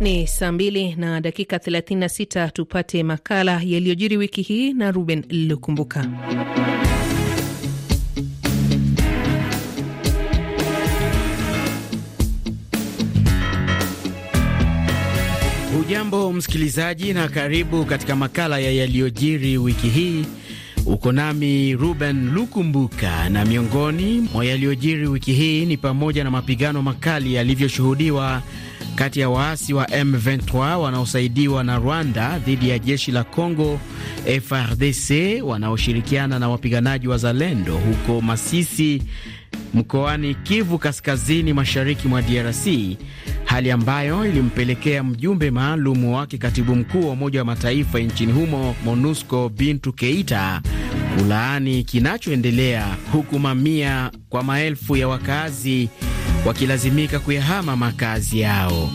Ni saa mbili na dakika 36. Tupate makala yaliyojiri wiki hii na Ruben Lukumbuka. ujambo msikilizaji, na karibu katika makala ya yaliyojiri wiki hii. Uko nami Ruben Lukumbuka, na miongoni mwa yaliyojiri wiki hii ni pamoja na mapigano makali yalivyoshuhudiwa kati ya waasi wa M23 wanaosaidiwa na Rwanda dhidi ya jeshi la Congo frdc wanaoshirikiana na wapiganaji wa Zalendo huko Masisi mkoani Kivu kaskazini mashariki mwa DRC, hali ambayo ilimpelekea mjumbe maalum wake katibu mkuu wa Umoja wa Mataifa nchini humo MONUSCO Bintu Keita kulaani kinachoendelea, huku mamia kwa maelfu ya wakazi wakilazimika kuyahama makazi yao.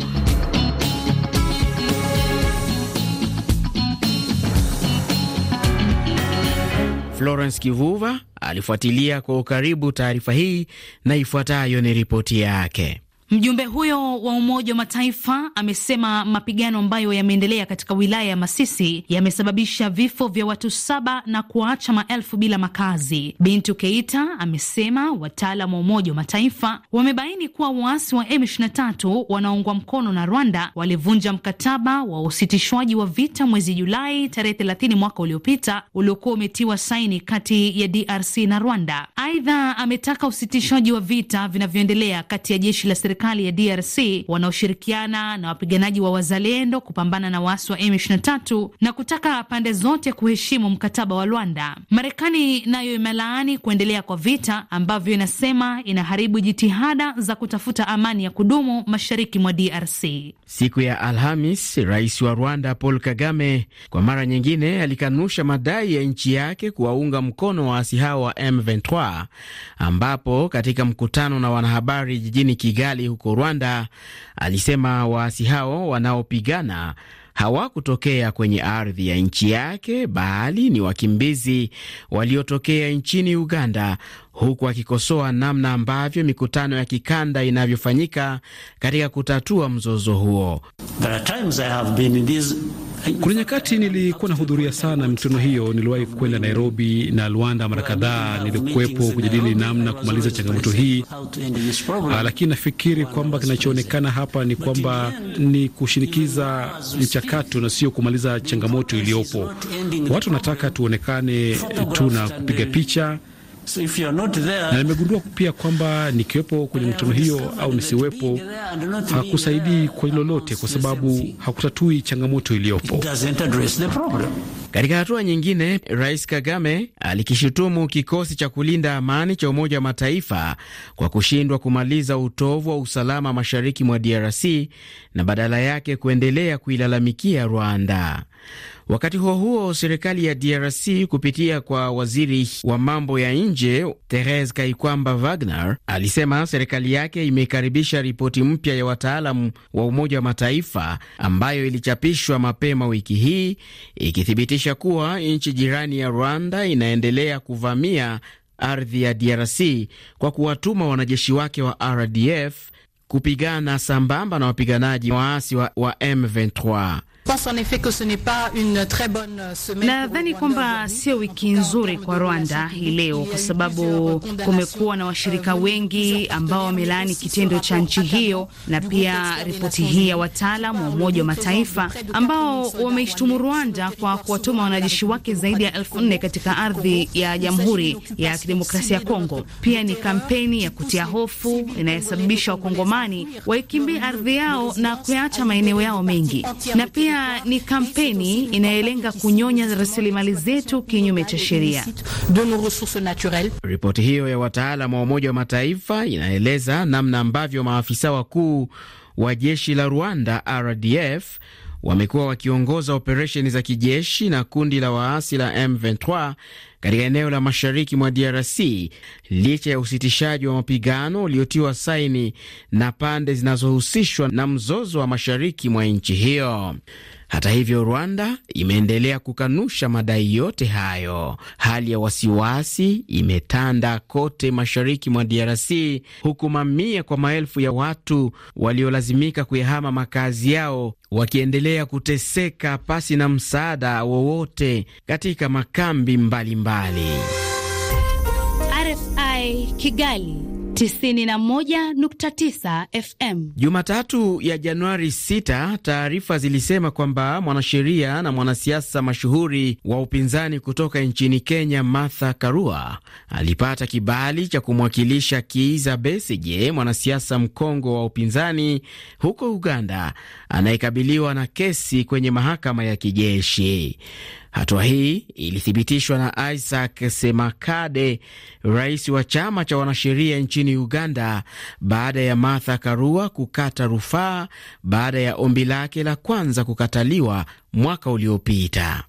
Florence Kivuva alifuatilia kwa ukaribu taarifa hii na ifuatayo ni ripoti yake. Mjumbe huyo wa Umoja wa Mataifa amesema mapigano ambayo yameendelea katika wilaya ya Masisi yamesababisha vifo vya watu saba na kuwaacha maelfu bila makazi. Bintu Keita amesema wataalam wa Umoja wa Mataifa wamebaini kuwa waasi wa M23 wanaoungwa mkono na Rwanda walivunja mkataba wa usitishwaji wa vita mwezi Julai tarehe 30 mwaka uliopita uliokuwa umetiwa saini kati ya DRC na Rwanda. Aidha, ametaka usitishwaji wa vita vinavyoendelea kati ya jeshi la serikali ya DRC wanaoshirikiana na wapiganaji wa wazalendo kupambana na waasi wa M23 na kutaka pande zote kuheshimu mkataba wa Luanda. Marekani nayo imelaani kuendelea kwa vita ambavyo inasema inaharibu jitihada za kutafuta amani ya kudumu mashariki mwa DRC. Siku ya Alhamis, rais wa Rwanda Paul Kagame kwa mara nyingine alikanusha madai ya nchi yake kuwaunga mkono waasi hao wa M23, ambapo katika mkutano na wanahabari jijini Kigali serikali huko Rwanda alisema waasi hao wanaopigana hawakutokea kwenye ardhi ya nchi yake bali ni wakimbizi waliotokea nchini Uganda, huku akikosoa namna ambavyo mikutano ya kikanda inavyofanyika katika kutatua mzozo huo. There are times I have been in these kuna nyakati nilikuwa nahudhuria sana mikutano hiyo. Niliwahi kwenda Nairobi na Luanda mara kadhaa, nilikuwepo kujadili namna kumaliza changamoto hii, ah, lakini nafikiri kwamba kinachoonekana hapa ni kwamba ni kushinikiza mchakato na sio kumaliza changamoto iliyopo. Watu wanataka tuonekane tu na kupiga picha So if you are not there, na nimegundua pia kwamba nikiwepo kwenye mikutano hiyo au nisiwepo hakusaidii kwa lolote, kwa sababu hakutatui changamoto iliyopo. Katika hatua nyingine, Rais Kagame alikishutumu kikosi cha kulinda amani cha Umoja wa Mataifa kwa kushindwa kumaliza utovu wa usalama mashariki mwa DRC na badala yake kuendelea kuilalamikia Rwanda. Wakati huo huo, serikali ya DRC kupitia kwa waziri wa mambo ya nje Therese Kaikwamba Wagner alisema serikali yake imekaribisha ripoti mpya ya wataalamu wa Umoja wa Mataifa ambayo ilichapishwa mapema wiki hii ikithibitisha kuwa nchi jirani ya Rwanda inaendelea kuvamia ardhi ya DRC kwa kuwatuma wanajeshi wake wa RDF kupigana sambamba na wapiganaji waasi wa, wa M23. Nadhani kwamba sio wiki nzuri kwa Rwanda hii leo, kwa sababu kumekuwa na washirika euh, wengi ambao wamelaani kitendo cha nchi hiyo na pia ripoti hii ya wataalam wa Umoja wa Mataifa ambao wameishtumu Rwanda kwa kuwatuma wanajeshi wake zaidi ya elfu nne katika ardhi ya Jamhuri ya Kidemokrasia ya Kongo. Pia ni kampeni ya kutia hofu inayosababisha Wakongomani waikimbia ardhi yao na kuyaacha maeneo yao mengi na pia ni kampeni inayolenga kunyonya rasilimali zetu kinyume cha sheria. Ripoti hiyo ya wataalam wa Umoja wa Mataifa inaeleza namna ambavyo maafisa wakuu wa jeshi la Rwanda RDF wamekuwa wakiongoza operesheni za kijeshi na kundi la waasi la M23 katika eneo la mashariki mwa DRC licha ya usitishaji wa mapigano uliotiwa saini na pande zinazohusishwa na mzozo wa mashariki mwa nchi hiyo. Hata hivyo, Rwanda imeendelea kukanusha madai yote hayo. Hali ya wasiwasi imetanda kote mashariki mwa DRC, huku mamia kwa maelfu ya watu waliolazimika kuyahama makazi yao wakiendelea kuteseka pasi na msaada wowote katika makambi mbalimbali mbali mbalimbali. RFI Kigali 91.9 FM. Jumatatu ya Januari 6, taarifa zilisema kwamba mwanasheria na mwanasiasa mashuhuri wa upinzani kutoka nchini Kenya, Martha Karua alipata kibali cha kumwakilisha Kiiza Besije, mwanasiasa mkongo wa upinzani huko Uganda, anayekabiliwa na kesi kwenye mahakama ya kijeshi. Hatua hii ilithibitishwa na Isaac Semakade, rais wa chama cha wanasheria nchini Uganda, baada ya Martha Karua kukata rufaa baada ya ombi lake la kwanza kukataliwa mwaka uliopita.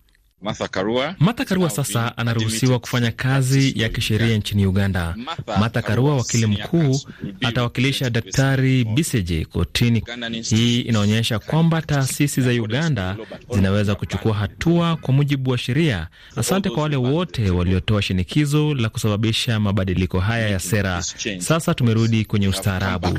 Martha Karua. Martha Karua sasa anaruhusiwa kufanya kazi ya kisheria nchini Uganda. Martha Karua, wakili mkuu, atawakilisha Daktari Biseje kotini. Hii inaonyesha kwamba taasisi za Uganda zinaweza kuchukua hatua kwa mujibu wa sheria. Asante kwa wale wote waliotoa shinikizo la kusababisha mabadiliko haya ya sera. Sasa tumerudi kwenye ustaarabu.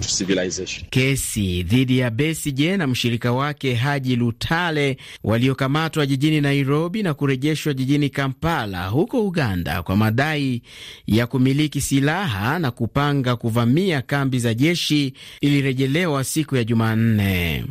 Kesi dhidi ya Besigye na mshirika wake Haji Lutale waliokamatwa jijini Nairobi na kurejeshwa jijini Kampala huko Uganda kwa madai ya kumiliki silaha na kupanga kuvamia kambi za jeshi ilirejelewa siku ya Jumanne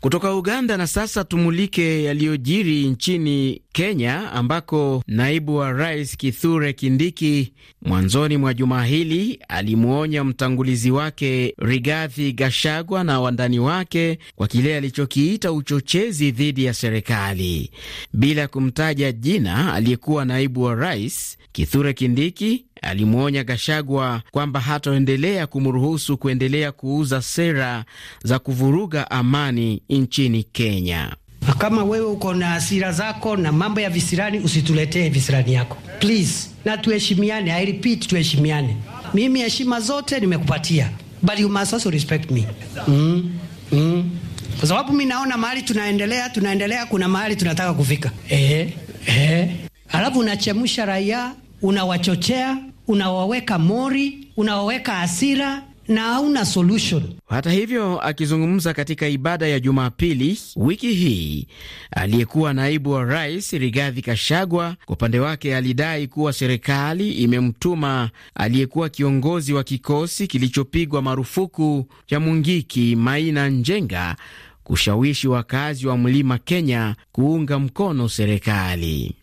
kutoka Uganda. Na sasa tumulike yaliyojiri nchini Kenya, ambako naibu wa rais Kithure Kindiki mwanzoni mwa juma hili alimwonya mtangulizi wake Rigathi Gashagwa na wandani wake kwa kile alichokiita uchochezi dhidi ya serikali. Bila kumtaja jina aliyekuwa naibu wa rais, Kithure Kindiki alimwonya Gashagwa kwamba hataendelea kumruhusu kuendelea kuuza sera za kuvuruga amani nchini Kenya. Kama wewe uko na hasira zako na mambo ya visirani, usituletee visirani yako please, na tuheshimiane. I repeat, tuheshimiane. Mimi heshima zote nimekupatia, but you must also respect me mm, mm. Kwa sababu mi naona mahali tunaendelea tunaendelea, kuna mahali tunataka kufika eh, eh. Alafu unachemsha raia unawachochea, unawaweka mori, unawaweka hasira na hauna solution. Hata hivyo, akizungumza katika ibada ya Jumapili wiki hii, aliyekuwa naibu wa rais Rigathi Kashagwa kwa upande wake alidai kuwa serikali imemtuma aliyekuwa kiongozi wa kikosi kilichopigwa marufuku cha Mungiki Maina Njenga kushawishi wakazi wa mlima Kenya kuunga mkono serikali.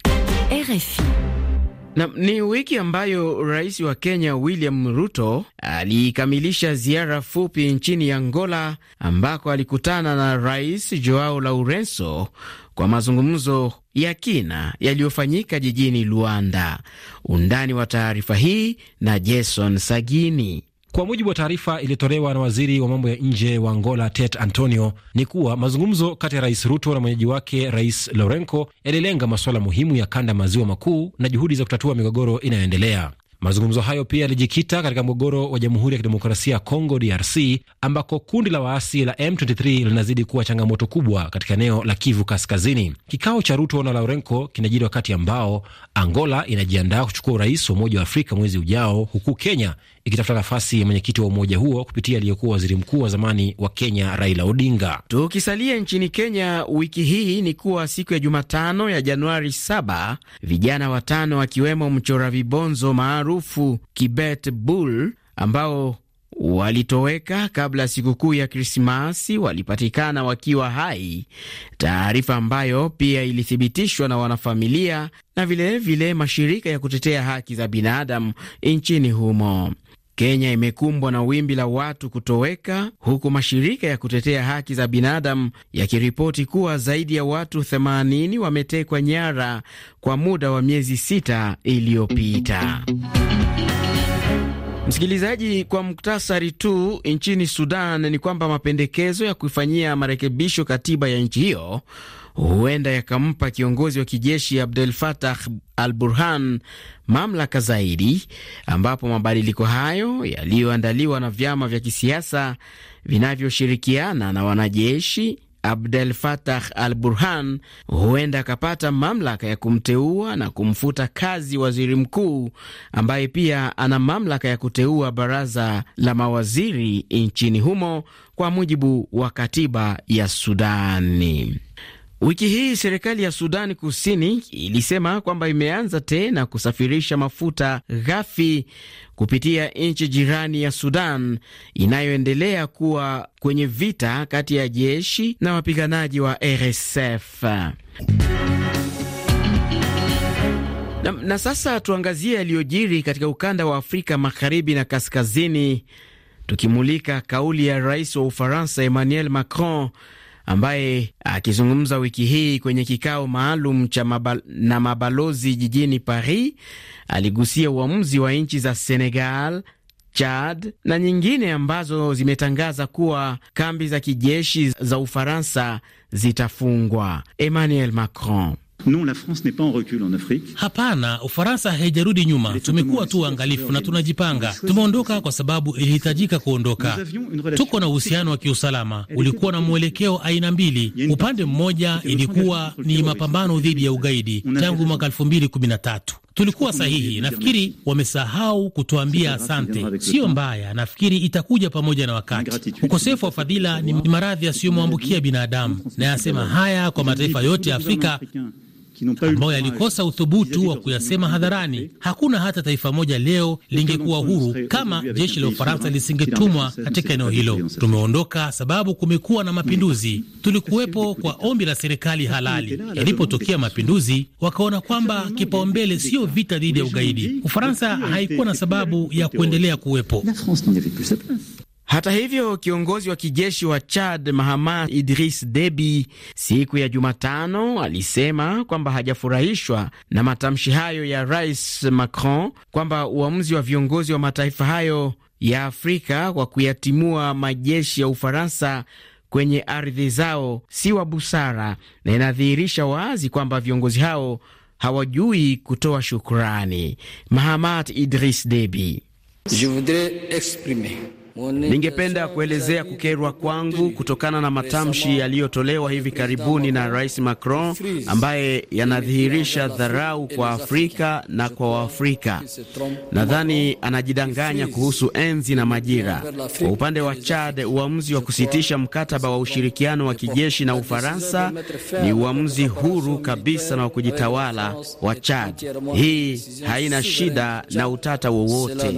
RFI na, ni wiki ambayo rais wa Kenya William Ruto aliikamilisha ziara fupi nchini Angola ambako alikutana na Rais Joao laurenso kwa mazungumzo ya kina yaliyofanyika jijini Luanda. Undani wa taarifa hii na Jason Sagini. Kwa mujibu wa taarifa iliyotolewa na waziri wa mambo ya nje wa Angola Tet Antonio ni kuwa mazungumzo kati ya Rais Ruto na mwenyeji wake Rais Lourenco yalilenga masuala muhimu ya kanda maziwa makuu na juhudi za kutatua migogoro inayoendelea. Mazungumzo hayo pia yalijikita katika mgogoro wa Jamhuri ya Kidemokrasia ya Kongo, DRC, ambako kundi la waasi la M23 linazidi kuwa changamoto kubwa katika eneo la Kivu Kaskazini. Kikao cha Ruto na Laurenco kinajiri wakati ambao Angola inajiandaa kuchukua urais wa Umoja wa Afrika mwezi ujao, huku Kenya ikitafuta nafasi ya mwenyekiti wa umoja huo kupitia aliyekuwa waziri mkuu wa zamani wa Kenya Raila Odinga. Tukisalia nchini Kenya, wiki hii ni kuwa siku ya Jumatano ya Januari 7 vijana watano akiwemo mchora vibonzo maarufu Kibet Bull ambao walitoweka kabla ya sikukuu ya Krismasi walipatikana wakiwa hai, taarifa ambayo pia ilithibitishwa na wanafamilia na vilevile vile mashirika ya kutetea haki za binadamu nchini humo. Kenya imekumbwa na wimbi la watu kutoweka huku mashirika ya kutetea haki za binadamu yakiripoti kuwa zaidi ya watu 80 wametekwa nyara kwa muda wa miezi sita iliyopita. Msikilizaji, kwa muktasari tu, nchini Sudan ni kwamba mapendekezo ya kuifanyia marekebisho katiba ya nchi hiyo huenda yakampa kiongozi wa kijeshi Abdel Fattah al Burhan mamlaka zaidi, ambapo mabadiliko hayo yaliyoandaliwa na vyama vya kisiasa vinavyoshirikiana na wanajeshi Abdel Fattah al Burhan huenda akapata mamlaka ya kumteua na kumfuta kazi waziri mkuu ambaye pia ana mamlaka ya kuteua baraza la mawaziri nchini humo kwa mujibu wa katiba ya Sudani. Wiki hii serikali ya Sudani Kusini ilisema kwamba imeanza tena kusafirisha mafuta ghafi kupitia nchi jirani ya Sudan inayoendelea kuwa kwenye vita kati ya jeshi na wapiganaji wa RSF. Na, na sasa tuangazie yaliyojiri katika ukanda wa Afrika Magharibi na Kaskazini tukimulika kauli ya Rais wa Ufaransa Emmanuel Macron ambaye ah, akizungumza wiki hii kwenye kikao maalum cha mabal na mabalozi jijini Paris aligusia uamuzi wa nchi za Senegal, Chad na nyingine ambazo zimetangaza kuwa kambi za kijeshi za Ufaransa zitafungwa. Emmanuel Macron Non, la France n'est pas en recul en Afrique. Hapana, Ufaransa haijarudi nyuma. Tumekuwa tu uangalifu na tunajipanga. Tumeondoka kwa sababu ilihitajika kuondoka. Tuko na uhusiano wa kiusalama, ulikuwa na mwelekeo aina mbili. Upande mmoja ilikuwa ni mapambano dhidi ya ugaidi tangu mwaka 2013 tulikuwa sahihi. Nafikiri wamesahau kutuambia asante. Siyo mbaya, nafikiri itakuja pamoja na wakati. Ukosefu wa fadhila ni maradhi yasiyomwambukia binadamu, na yasema haya kwa mataifa yote ya Afrika ambayo yalikosa uthubutu wa kuyasema hadharani. Hakuna hata taifa moja leo lingekuwa huru kama jeshi la Ufaransa lisingetumwa katika eneo hilo. Tumeondoka sababu kumekuwa na mapinduzi. Tulikuwepo kwa ombi la serikali halali. Yalipotokea mapinduzi, wakaona kwamba kipaumbele siyo vita dhidi ya ugaidi. Ufaransa haikuwa na sababu ya kuendelea kuwepo. Hata hivyo kiongozi wa kijeshi wa Chad Mahama Idris Deby siku ya Jumatano alisema kwamba hajafurahishwa na matamshi hayo ya Rais Macron kwamba uamuzi wa viongozi wa mataifa hayo ya Afrika kwa kuyatimua majeshi ya Ufaransa kwenye ardhi zao si wa busara na inadhihirisha wazi kwamba viongozi hao hawajui kutoa shukrani. Mahamat Idris Deby: Je voudrais exprimer Ningependa kuelezea kukerwa kwangu kutokana na matamshi yaliyotolewa hivi karibuni na Rais Macron ambaye yanadhihirisha dharau kwa Afrika na kwa Waafrika. Nadhani anajidanganya kuhusu enzi na majira. Kwa upande wa Chad, uamuzi wa kusitisha mkataba wa ushirikiano wa kijeshi na Ufaransa ni uamuzi huru kabisa na wa kujitawala wa Chad. Hii haina shida na utata wowote.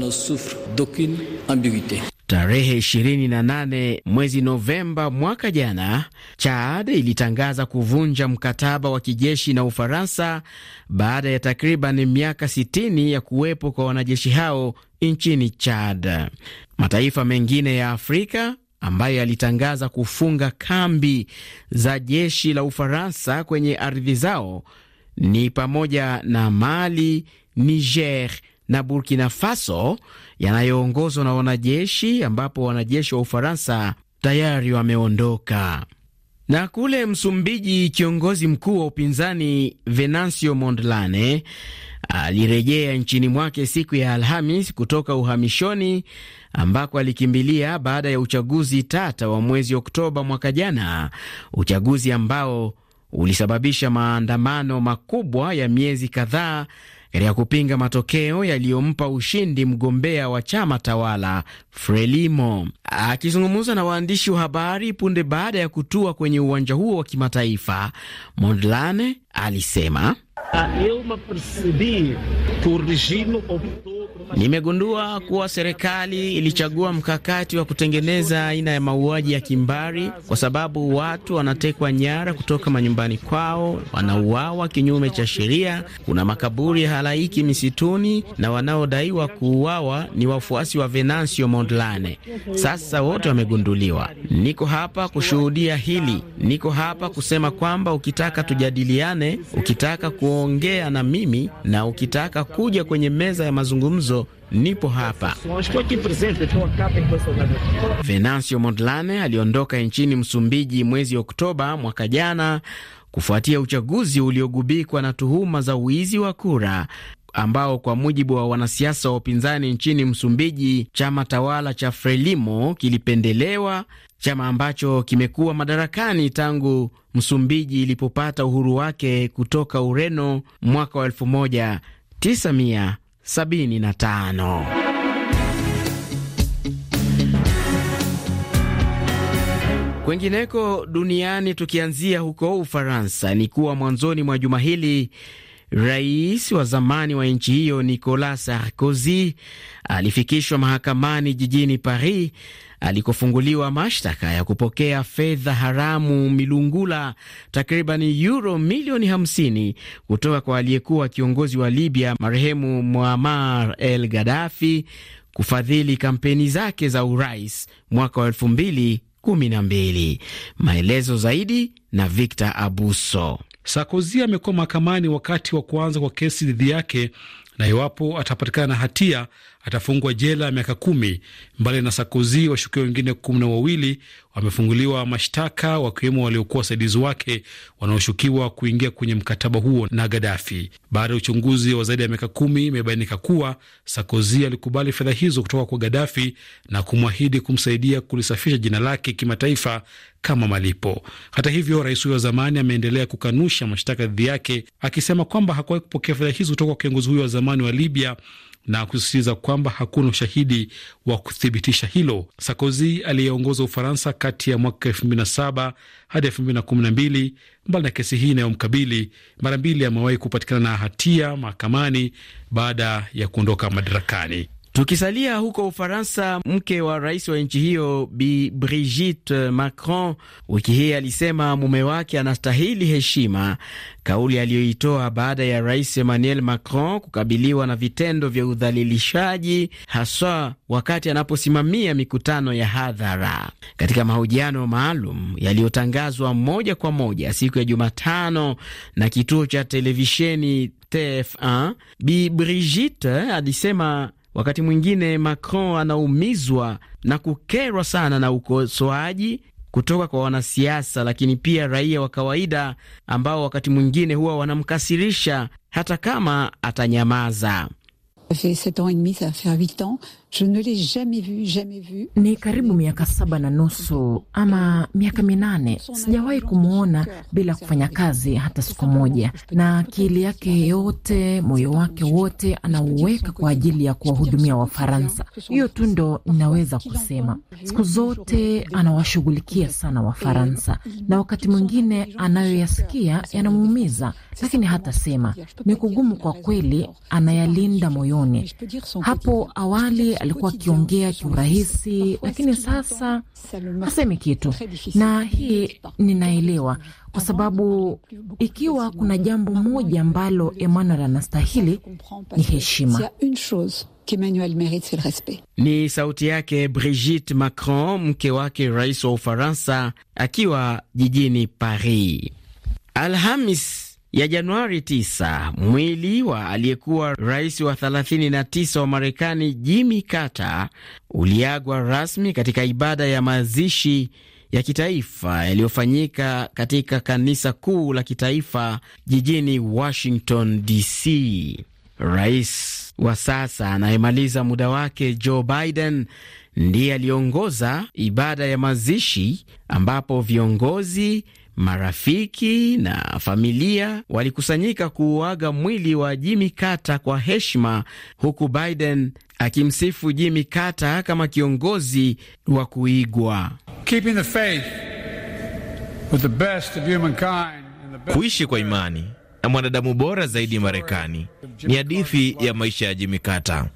Tarehe 28 mwezi Novemba mwaka jana, Chad ilitangaza kuvunja mkataba wa kijeshi na Ufaransa baada ya takriban miaka 60 ya kuwepo kwa wanajeshi hao nchini Chad. Mataifa mengine ya Afrika ambayo yalitangaza kufunga kambi za jeshi la Ufaransa kwenye ardhi zao ni pamoja na Mali, Niger na Burkina Faso yanayoongozwa na wanajeshi, ambapo wanajeshi wa Ufaransa tayari wameondoka. Na kule Msumbiji, kiongozi mkuu wa upinzani Venancio Mondlane alirejea nchini mwake siku ya Alhamis kutoka uhamishoni ambako alikimbilia baada ya uchaguzi tata wa mwezi Oktoba mwaka jana, uchaguzi ambao ulisababisha maandamano makubwa ya miezi kadhaa katika kupinga matokeo yaliyompa ushindi mgombea wa chama tawala Frelimo. Akizungumza na waandishi wa habari punde baada ya kutua kwenye uwanja huo wa kimataifa, Mondlane alisema ah, Nimegundua kuwa serikali ilichagua mkakati wa kutengeneza aina ya mauaji ya kimbari, kwa sababu watu wanatekwa nyara kutoka manyumbani kwao, wanauawa kinyume cha sheria. Kuna makaburi ya halaiki misituni, na wanaodaiwa kuuawa ni wafuasi wa Venancio Mondlane. Sasa wote wamegunduliwa. Niko hapa kushuhudia hili, niko hapa kusema kwamba ukitaka tujadiliane, ukitaka kuongea na mimi, na ukitaka kuja kwenye meza ya mazungumzo nipo hapa. Venancio Mondlane aliondoka nchini Msumbiji mwezi Oktoba mwaka jana kufuatia uchaguzi uliogubikwa na tuhuma za wizi wa kura ambao kwa mujibu wa wanasiasa wa upinzani nchini Msumbiji, chama tawala cha Frelimo kilipendelewa, chama ambacho kimekuwa madarakani tangu Msumbiji ilipopata uhuru wake kutoka Ureno mwaka wa 19 75. Kwengineko duniani tukianzia huko Ufaransa, ni kuwa mwanzoni mwa juma hili Rais wa zamani wa nchi hiyo Nicolas Sarkozy alifikishwa mahakamani jijini Paris alikofunguliwa mashtaka ya kupokea fedha haramu milungula takriban euro milioni 50 kutoka kwa aliyekuwa kiongozi wa Libya marehemu Muammar el Gaddafi kufadhili kampeni zake za urais mwaka wa 2012. Maelezo zaidi na Victor Abuso. Sarkozy amekuwa mahakamani wakati wa kuanza kwa kesi dhidi yake, na iwapo atapatikana na hatia atafungwa jela ya miaka kumi. Mbali na Sarkozy, washukiwa wengine kumi na wawili wamefunguliwa mashtaka wakiwemo waliokuwa wasaidizi wake wanaoshukiwa kuingia kwenye mkataba huo na Gadafi. Baada ya uchunguzi wa zaidi ya miaka kumi, imebainika kuwa Sarkozy alikubali fedha hizo kutoka kwa Gadafi na kumwahidi kumsaidia kulisafisha jina lake kimataifa kama malipo. Hata hivyo, rais huyo wa zamani ameendelea kukanusha mashtaka dhidi yake, akisema kwamba hakuwahi kupokea fedha hizo kutoka kwa kiongozi huyo wa zamani wa Libya na kusisitiza kwamba hakuna ushahidi wa kuthibitisha hilo. Sarkozy aliyeongoza Ufaransa kati ya mwaka 2007 hadi 2012, mbali na kesi hii inayomkabili mara mbili, amewahi kupatikana na hatia mahakamani baada ya kuondoka madarakani. Tukisalia huko Ufaransa, mke wa rais wa nchi hiyo Bi Brigitte Macron wiki hii alisema mume wake anastahili heshima, kauli aliyoitoa baada ya rais Emmanuel Macron kukabiliwa na vitendo vya udhalilishaji, haswa wakati anaposimamia mikutano ya hadhara. Katika mahojiano maalum yaliyotangazwa moja kwa moja siku ya Jumatano na kituo cha televisheni TF1, Bi Brigitte alisema Wakati mwingine Macron anaumizwa na kukerwa sana na ukosoaji kutoka kwa wanasiasa, lakini pia raia wa kawaida ambao wakati mwingine huwa wanamkasirisha hata kama atanyamaza. Ni karibu miaka saba na nusu ama miaka minane, sijawahi kumwona bila kufanya kazi hata siku moja, na akili yake yote, moyo wake wote anauweka kwa ajili ya kuwahudumia Wafaransa. Hiyo tu ndo ninaweza kusema. Siku zote anawashughulikia sana Wafaransa, na wakati mwingine anayoyasikia yanamuumiza, lakini hatasema. Ni kugumu kwa kweli, anayalinda moyoni. Hapo awali alikuwa akiongea kiurahisi, lakini sasa hasemi kitu, na hii ninaelewa, kwa sababu ikiwa kuna jambo moja ambalo Emmanuel anastahili ni heshima. Ni sauti yake Brigitte Macron, mke wake rais wa Ufaransa, akiwa jijini Paris Alhamis ya Januari 9 mwili wa aliyekuwa rais wa 39 wa Marekani Jimmy Carter uliagwa rasmi katika ibada ya mazishi ya kitaifa yaliyofanyika katika kanisa kuu la kitaifa jijini Washington DC. Rais wa sasa anayemaliza muda wake Joe Biden ndiye aliongoza ibada ya mazishi ambapo viongozi Marafiki na familia walikusanyika kuuaga mwili wa Jimmy Carter kwa heshima, huku Biden akimsifu Jimmy Carter kama kiongozi wa kuigwa. Kuishi kwa imani na mwanadamu bora zaidi Marekani ni hadithi ya maisha ya Jimmy Carter,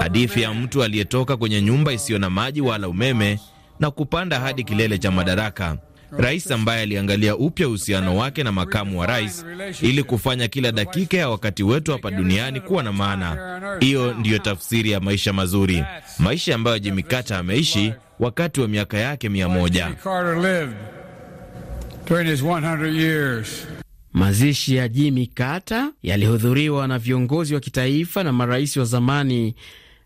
hadithi ya mtu aliyetoka kwenye nyumba isiyo na maji wala umeme na kupanda hadi kilele cha madaraka rais ambaye aliangalia upya uhusiano wake na makamu wa rais ili kufanya kila dakika ya wakati wetu hapa duniani kuwa na maana. Hiyo ndiyo tafsiri ya maisha mazuri, maisha ambayo Jimmy Carter ameishi wakati wa miaka yake mia moja. Mazishi ya Jimmy Carter yalihudhuriwa na viongozi wa kitaifa na marais wa zamani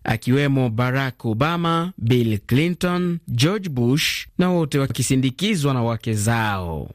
akiwemo Barack Obama, Bill Clinton, George Bush na wote wakisindikizwa na wake zao.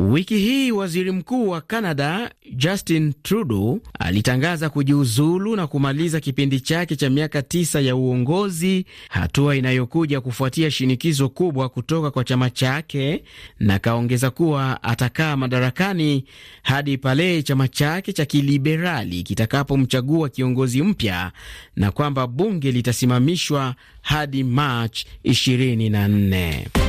Wiki hii waziri mkuu wa Canada Justin Trudeau alitangaza kujiuzulu na kumaliza kipindi chake cha miaka tisa ya uongozi, hatua inayokuja kufuatia shinikizo kubwa kutoka kwa chama chake, na kaongeza kuwa atakaa madarakani hadi pale chama chake cha kiliberali kitakapomchagua kiongozi mpya na kwamba bunge litasimamishwa hadi Machi 24.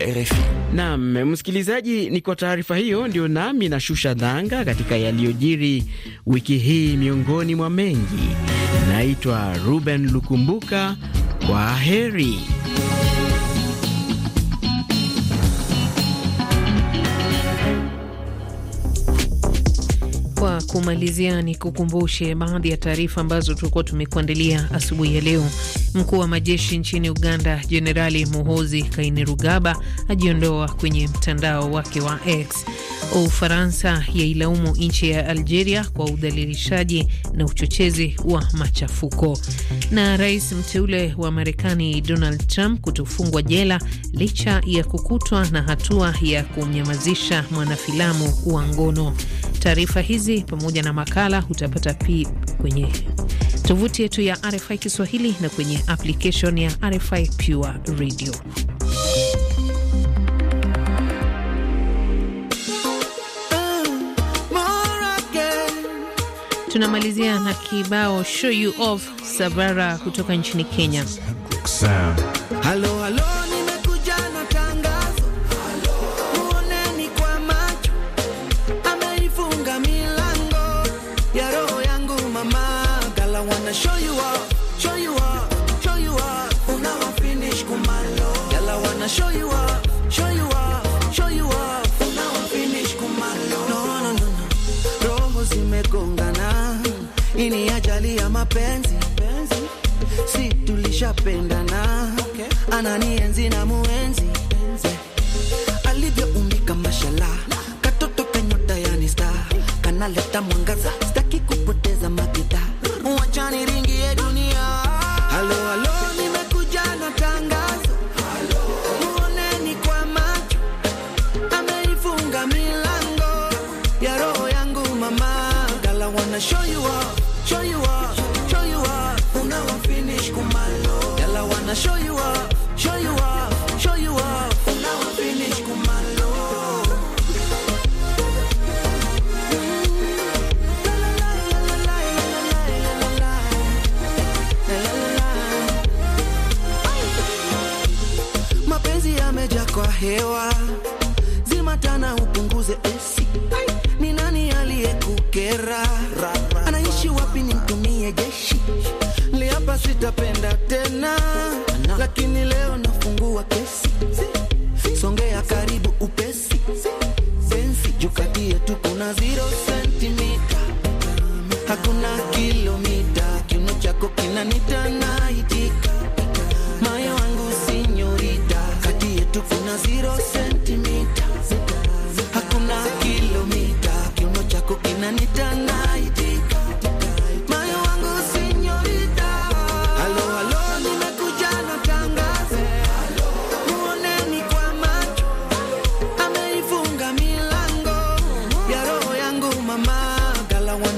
RFI. Naam, msikilizaji, ni kwa taarifa hiyo ndio nami nashusha dhanga katika yaliyojiri wiki hii miongoni mwa mengi. Naitwa Ruben Lukumbuka, kwa heri. kumalizia ni kukumbushe baadhi ya taarifa ambazo tulikuwa tumekuandalia asubuhi ya leo. Mkuu wa majeshi nchini Uganda Jenerali Muhozi Kainerugaba ajiondoa kwenye mtandao wake wa X. Ufaransa yailaumu nchi ya Algeria kwa udhalilishaji na uchochezi wa machafuko. Na rais mteule wa Marekani Donald Trump kutofungwa jela licha ya kukutwa na hatua ya kumnyamazisha mwanafilamu wa ngono. Taarifa hizi pamoja na makala utapata pi kwenye tovuti yetu ya RFI Kiswahili na kwenye application ya RFI Pure Radio. Tunamalizia na kibao show you off Sabara kutoka nchini Kenya tunapendana, ananienzi na muenzi alivyoumbika, mashala katoto kanyota yani sta kanaleta mwangaza, staki kupoteza makita wachani ringi ya dunia tuulize esi, ni nani aliyekukera? Anaishi wapi? Nimtumie jeshi. Liapa sitapenda tena, lakini leo nafungua kesi. Songea karibu upesi, sensi jukati yetu kuna zero sentimita, hakuna kilomita, kiuno chako kinanitana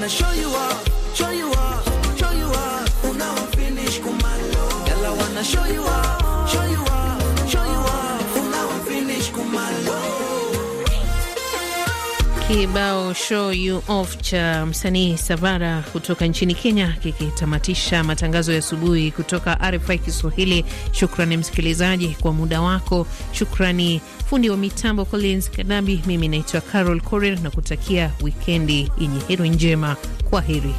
gonna show you off. Kibao show you off cha msanii Savara kutoka nchini Kenya kikitamatisha matangazo ya asubuhi kutoka RFI Kiswahili. Shukrani msikilizaji kwa muda wako, shukrani fundi wa mitambo Collins Kadambi. Mimi naitwa Carol corer na kutakia wikendi yenye heri njema. Kwa heri.